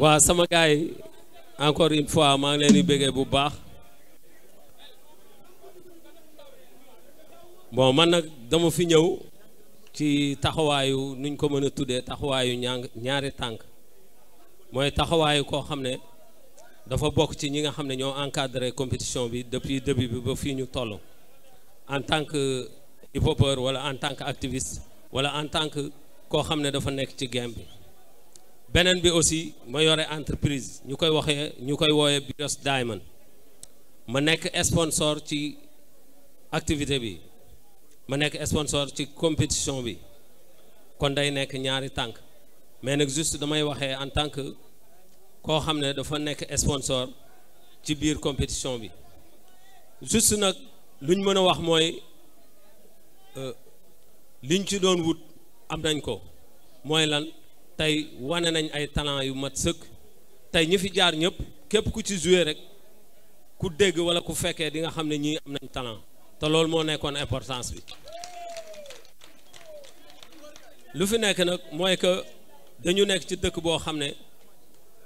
waaw sama gars yi encore une fois maa ngi leen bëggee bu baax bon man nag dama fi ñëw ci taxawaayu nuñ ko mën a tuddee taxawaayu ñaari tànk mooy taxawaayu koo xam ne dafa bokk ci ñi nga xam ne ñoo encadré compétition bi depuis début bi ba fii ñu toll en tant que hip wala en tant que activiste wala en tant que koo xam ne dafa nekk ci game bi beneen bi aussi ma yore entreprise ñu koy waxee ñu koy wooyee Biros Diamond ma nekk sponsor ci activité bi ma nekk sponsor ci compétition bi kon day nekk ñaari tànk mais nag juste damay waxee en tant que koo xam ne dafa nekk sponsor ci biir compétition bi juste nag luñ mën a wax mooy euh, liñ ci doon wut am nañ ko mooy lan tey wane nañ ay talent yu mat sëkk tey ñi fi jaar ñëpp képp ku ci joué rek ku dégg wala ku fekkee di nga xam ne ñii am nañ talent te loolu moo nekkoon importance bi lu fi nekk nag mooy que dañu nekk ci dëkk boo xam ne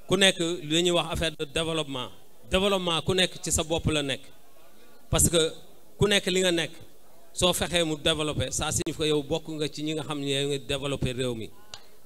ku nekk li ñuy wax affaire de développement développement ku nekk ci sa bopp la nekk parce que ku nekk li nga nekk soo fexee mu développé ça signifie que yow bokk nga ci ñi nga xam ne yow nga développé réew mi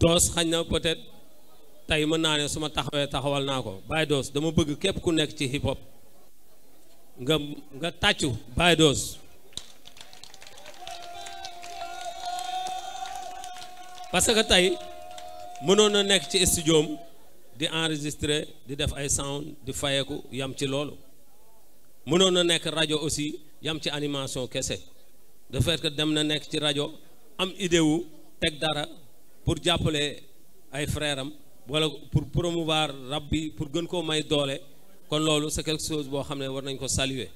dos hanya potet peut-être tay mën naa ne su ma taxawal nako bay dos dama bëgg képp ku nekk ci hip hop nga nga tàccu bay dos. parce que tay mënoon na nekk ci studio di enregistrer di def ay sound di fayeku yam ci lolu mënoon na nekk radio aussi yam ci animation kese de fait que dem na nekk ci radio am idée wu tek dara pour jàppale ay frères am wala pour promouvoir rab bi pour gën koo may doole kon loolu c'est quelque chose boo xam ne war nañ ko saluer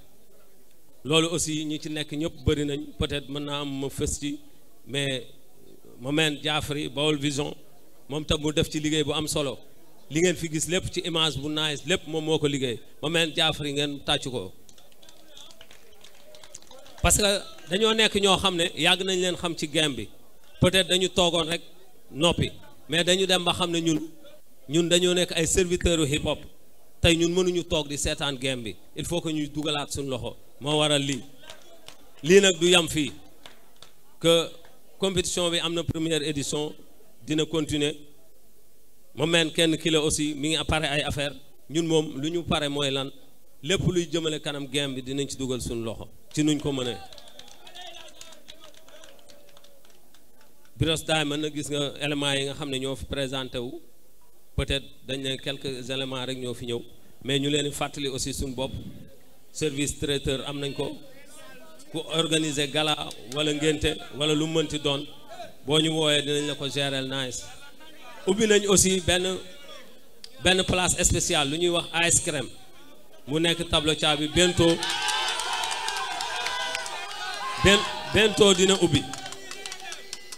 loolu aussi ñi ci nekk ñëpp bëri nañ peut-être mën naa am ma fës ci mais ma meen Jaafari Baol Vision moom tam mu def ci liggéey bu am solo li ngeen fi gis lépp ci image bu nice lépp moom moo ko liggéey ma meen Jaafari ngeen tàccu ko parce que dañoo nekk ñoo xam ne yàgg nañ leen xam ci game bi peut-être dañu toogoon rek nopi mais dañu dem ba xamné ñun ñun dañu nek ay serviteurs hip hop tay ñun mënuñu tok di sétane game bi il faut que ñuy dugalaat suñu loxo mo waral li li nak du yam fi que compétition bi amna première édition dina continuer mo men kenn ki la aussi mi ngi pare ay affaire ñun mom luñu paré moy lan lepp luy jëmele kanam game bi dinañ ci dugal suñu loxo ci nuñ ko mëne Biros mën nag gis nga éléments yi nga xam ne ñoo fi présenté wu peut-être dañ ne quelques éléments rek ñoo fi ñëw mais ñu leen di fàttali aussi suñu bopp service traiteur am nañ ko ku organiser gala wala ngénte wala lu mënti doon boo ñu wooyee dinañ la ko gérer nice ubbi nañ aussi benn benn place spéciale lu ñuy wax ice cream mu nekk tableau caabi bientôt bientôt dina ubbi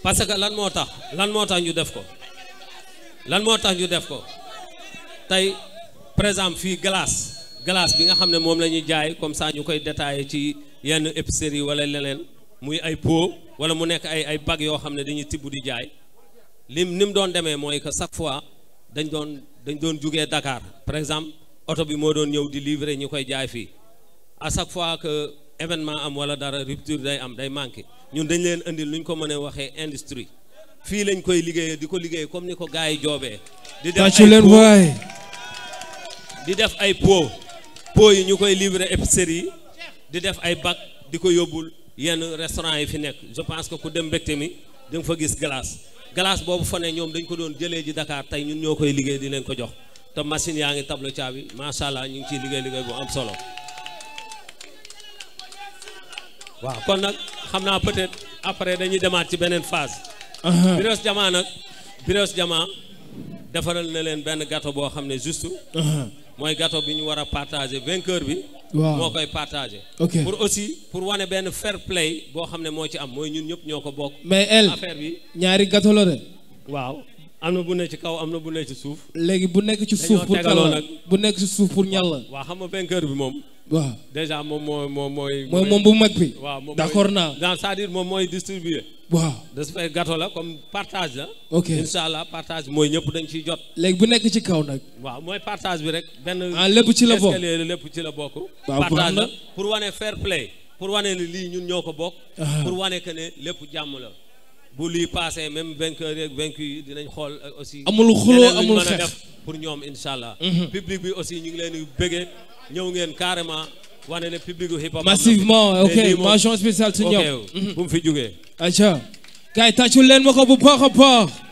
parce que lan moo tax lan moo tax ñu def ko lan moo tax ñu def ko tey par exemple fii glace glace bi nga xam ne moom la ñuy jaay comme ça ñu koy détaillé ci yenn épicerie wala leneen muy ay pot wala mu nekk ay ay bag yoo xam ne dañuy tibb di jaay lim ni mu doon demee mooy que chaque fois dañ doon dañ doon jugee dakaar par exemple oto bi moo doon ñëw di livrer ñu koy jaay fii à chaque fois que. événement am wala dara rupture day am day manqué ñun dañ leen indil lu ñu ko mënee waxee industrie fii lañ koy liggéeyee di ko liggéey comme ni ko gars yi joobee di def ay leen waay di def ay pot pot yi ñu koy livrer épicerie yi di def ay bac di ko yóbbul yenn restaurant yi fi nekk je pense que ku dem mbégte mi da fa gis glace glace boobu fa ne ñoom dañ ko doon jëlee ji Dakar tey ñun ñoo koy liggéey di leen ko jox te machine yaa ngi tableau caabi macha allah ñu ngi ciy liggéey liggéey bu am solo waaw kon nag xam naa peut-être après dañuy demaat ci beneen phase. Brosse Jama nag Brosse Jama defaral na leen benn gato boo xam ne juste. mooy gato bi ñu war a partager vainqueur bi. waaw moo koy partager. ok pour aussi pour wane benn fair play boo xam ne moo ci am mooy ñun ñëpp ñoo ko bokk. mais elle affaire bi ñaari gâteau la de. waaw. am na bu nekk ci kaw am na bu nekk ci suuf. léegi bu nekk ci suuf pour tegaloo nag bu nekk ci suuf pour ñàll. waaw xam nga vainqueur bi moom. waaw déjà moom moo moo mooy. mooy moom bu mag bi. waaw moom d'accord naa. non moom mooy distribuer. waaw de gato la comme partage la. ok incha allah partage mooy ñëpp dañ ciy jot. léegi bu nekk ci kaw nag. waaw mooy partage bi rek. benn ah lépp ci la bokk lépp ci la bokk. waaw partage la pour wane fair play. pour wane ne lii ñun ñoo ko bokk. Ah. pour wane que ne jàmm la. bu lii passé même vainqueur yeeg vaincu yi dinañ xool euh, aussi. amul xuloo amul xeex def pour ñoom incha allah. Mhm. public bi aussi ñu ngi leen di bëggee ñëw ngeen carrément wane ne public bu hip hop. massivement ok mention spéciale su ñoom. bu fi jógee. acca gars yi tàccul leen ma ko bu baax a baax.